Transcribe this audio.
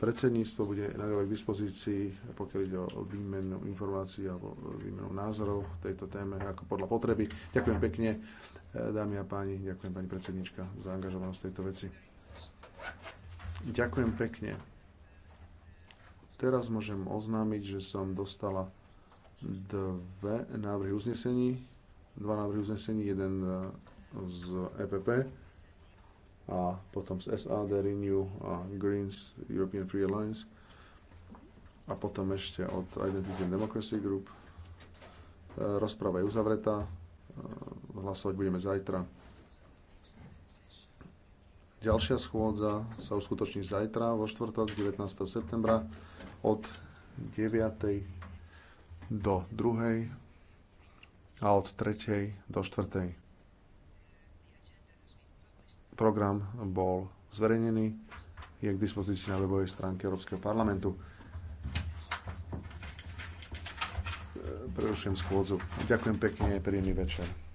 Predsedníctvo bude naďalej k dispozícii, pokiaľ ide o výmenu informácií alebo výmenu názorov v tejto téme, ako podľa potreby. Ďakujem pekne, eh, dámy a páni, ďakujem pani predsednička za angažovanosť tejto veci. Ďakujem pekne. Teraz môžem oznámiť, že som dostala dve návrhy uznesení, dva návrhy uznesení, jeden eh, z EPP a potom z SAD, Renew a Greens, European Free Alliance a potom ešte od Identity and Democracy Group. E, Rozprava je uzavretá, e, hlasovať budeme zajtra. Ďalšia schôdza sa uskutoční zajtra vo štvrtok 19. septembra od 9. do 2. a od 3. do 4. Program bol zverejnený, je k dispozícii na webovej stránke Európskeho parlamentu. Prerušujem schôdzu. Ďakujem pekne, príjemný večer.